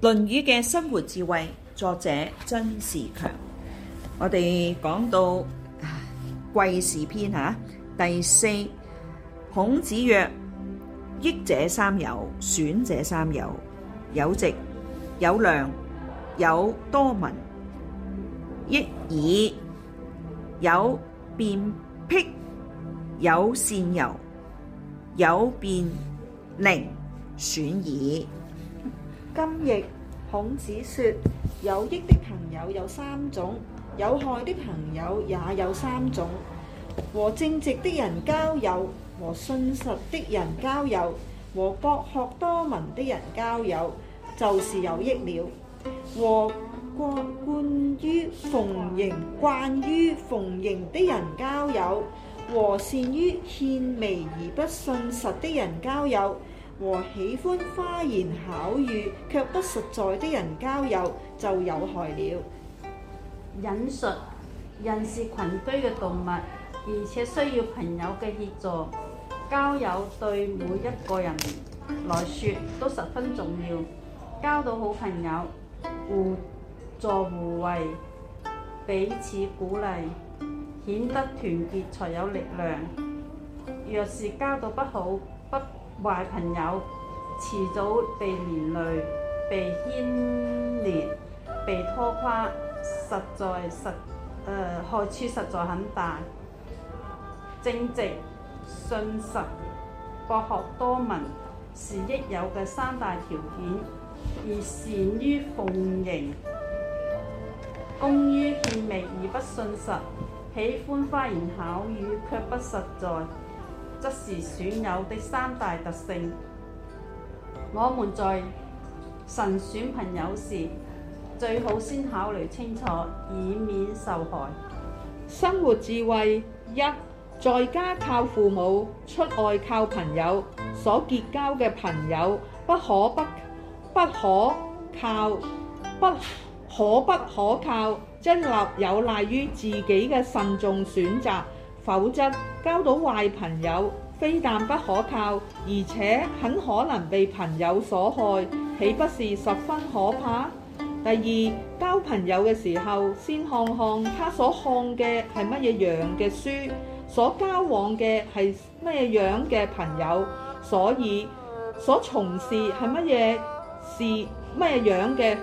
《論語》嘅生活智慧，作者曾仕強。我哋講到季氏篇下，第四，孔子曰：益者三友，損者三友。友直，友諒，友多聞，益矣；友便辟，友善柔，友便佞，損矣。今譯孔子說：有益的朋友有三種，有害的朋友也有三種。和正直的人交友，和信實的人交友，和博學多聞的人交友，就是有益了。和慣於逢迎、慣於逢迎的人交友，和善於獻媚而不信實的人交友。和喜歡花言巧語卻不實在的人交友就有害了。引述：人是群居嘅動物，而且需要朋友嘅協助。交友對每一個人來說都十分重要。交到好朋友，互助互惠，彼此鼓勵，顯得團結才有力量。若是交到不好，壞朋友遲早被連累、被牽連、被拖垮。實在實誒、呃、害處實在很大。正直、信實、博學多聞是益友嘅三大條件，而善於奉迎、工於獻媚而不信實，喜歡花言巧語卻不實在。則是損友的三大特性。我們在慎選朋友時，最好先考慮清楚，以免受害。生活智慧一，在家靠父母，出外靠朋友。所結交嘅朋友，不可不不可靠，不可不可靠，真立有賴於自己嘅慎重選擇。否則，交到壞朋友，非但不可靠，而且很可能被朋友所害，豈不是十分可怕？第二，交朋友嘅時候，先看看他所看嘅係乜嘢樣嘅書，所交往嘅係乜嘢樣嘅朋友，所以所從事係乜嘢事，乜嘢樣嘅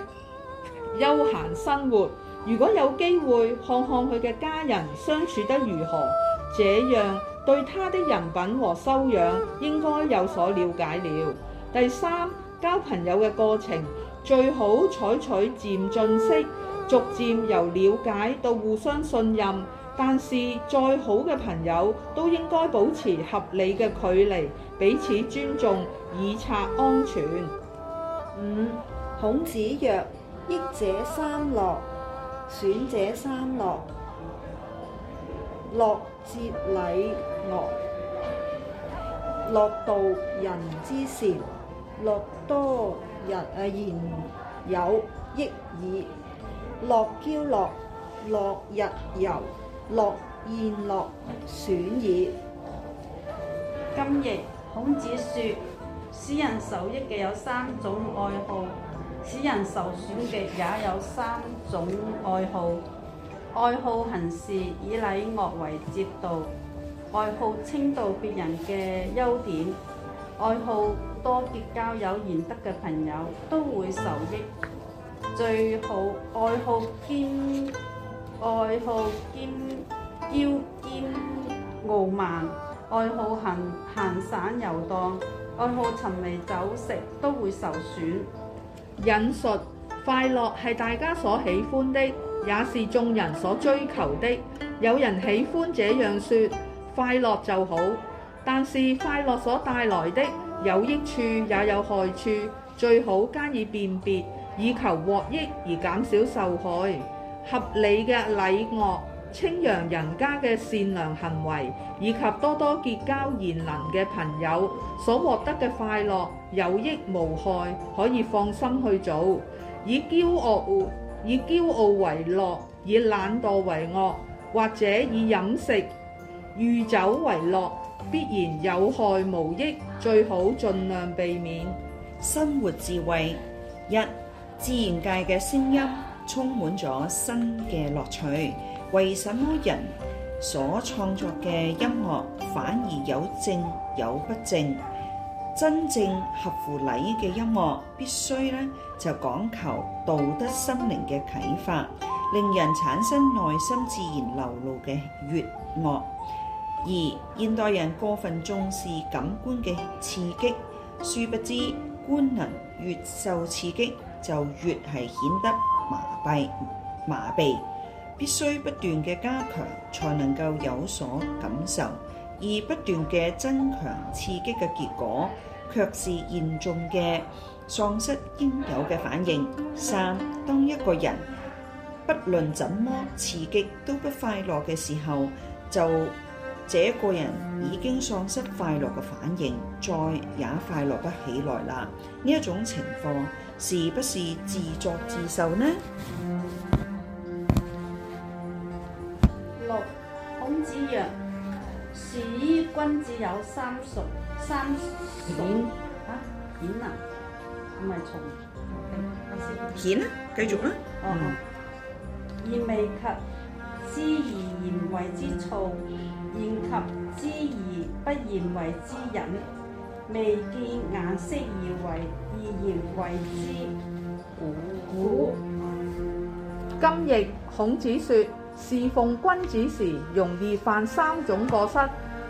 休閒生活。如果有機會，看看佢嘅家人相處得如何。這樣對他的人品和修養應該有所了解了。第三，交朋友嘅過程最好採取漸進式，逐漸由了解到互相信任。但是再好嘅朋友都應該保持合理嘅距離，彼此尊重，以策安全。五，孔子曰：“益者三樂，損者三樂，樂。”節禮樂，樂道人之善，樂多日啊言有益矣；樂驕樂，樂日遊，樂宴樂損矣。今亦孔子説：使人受益嘅有三種愛好，使人受損嘅也有三種愛好。愛好行事以禮樂為節度，愛好稱道別人嘅優點，愛好多結交有賢德嘅朋友，都會受益。最好愛好兼愛好兼驕兼傲慢，愛好行行散遊蕩，愛好沉迷酒食，都會受損。引述快樂係大家所喜歡的。也是眾人所追求的。有人喜歡這樣說，快樂就好。但是快樂所帶來的有益處也有害處，最好加以辨別，以求獲益而減少受害。合理嘅禮樂，稱揚人家嘅善良行為，以及多多結交賢能嘅朋友，所獲得嘅快樂有益無害，可以放心去做。以驕傲。以驕傲為樂，以懶惰為樂，或者以飲食、酗酒為樂，必然有害無益，最好盡量避免。生活智慧一：自然界嘅聲音充滿咗新嘅樂趣，為什麼人所創作嘅音樂反而有正有不正？真正合乎禮嘅音樂，必須咧就講求道德心靈嘅啟發，令人產生內心自然流露嘅悅樂。而現代人過分重視感官嘅刺激，殊不知官能越受刺激，就越係顯得麻痹、麻痹。必須不斷嘅加強，才能夠有所感受。而不斷嘅增強刺激嘅結果，卻是嚴重嘅喪失應有嘅反應。三，當一個人不論怎麼刺激都不快樂嘅時候，就這個人已經喪失快樂嘅反應，再也快樂不起來啦。呢一種情況，是不是自作自受呢？君子有三熟，三顯啊顯啊，唔係從顯啊，繼、嗯啊、續啦。哦，嗯、而未及之而言為之躁，言及之而不言為之隱，未見顏色而為言為之古，古。古。今亦孔子說，侍奉君子時容易犯三種過失。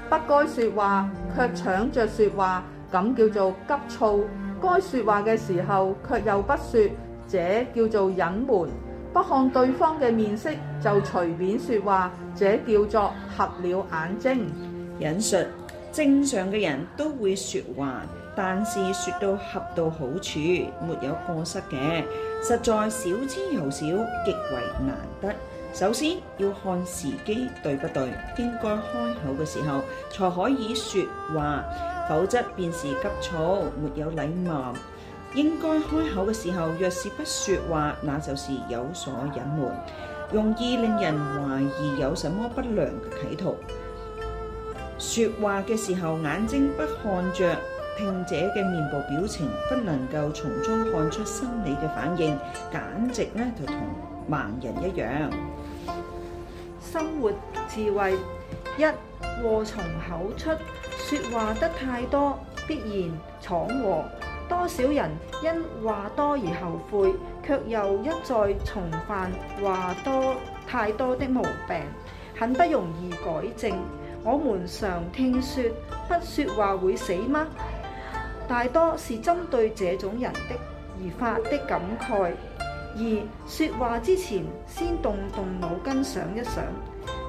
不該說話，卻搶着說話，咁叫做急躁；該說話嘅時候，卻又不說，這叫做隱瞞；不看對方嘅面色就隨便說話，這叫做合了眼睛。引述正常嘅人都會說話，但是說到合到好處，沒有過失嘅，實在少之又少，極為難得。首先要看時機對不對，應該開口嘅時候才可以說話，否則便是急躁，沒有禮貌。應該開口嘅時候，若是不說話，那就是有所隱瞞，容易令人懷疑有什麼不良嘅企圖。說話嘅時候眼睛不看着聽者嘅面部表情，不能夠從中看出心理嘅反應，簡直咧就同盲人一樣。生活智慧一、禍從口出，說話得太多必然闖禍。多少人因話多而後悔，卻又一再重犯話多太多的毛病，很不容易改正。我們常聽說不說話會死嗎？大多是針對這種人的而發的感慨。二、說話之前先動動腦筋想一想，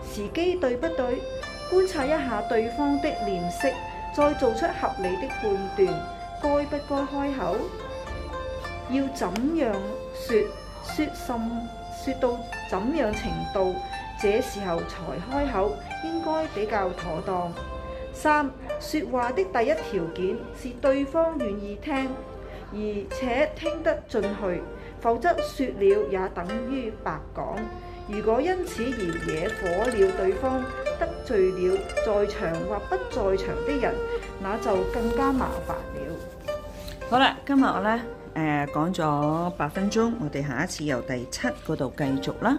時機對不對？觀察一下對方的臉色，再做出合理的判斷，該不該開口？要怎樣說？說甚？說到怎樣程度？這時候才開口應該比較妥當。三、說話的第一條件是對方願意聽，而且聽得進去。否則說了也等於白講。如果因此而惹火了對方，得罪了在場或不在場的人，那就更加麻煩了。好啦，今日我呢誒、呃、講咗八分鐘，我哋下一次由第七嗰度繼續啦。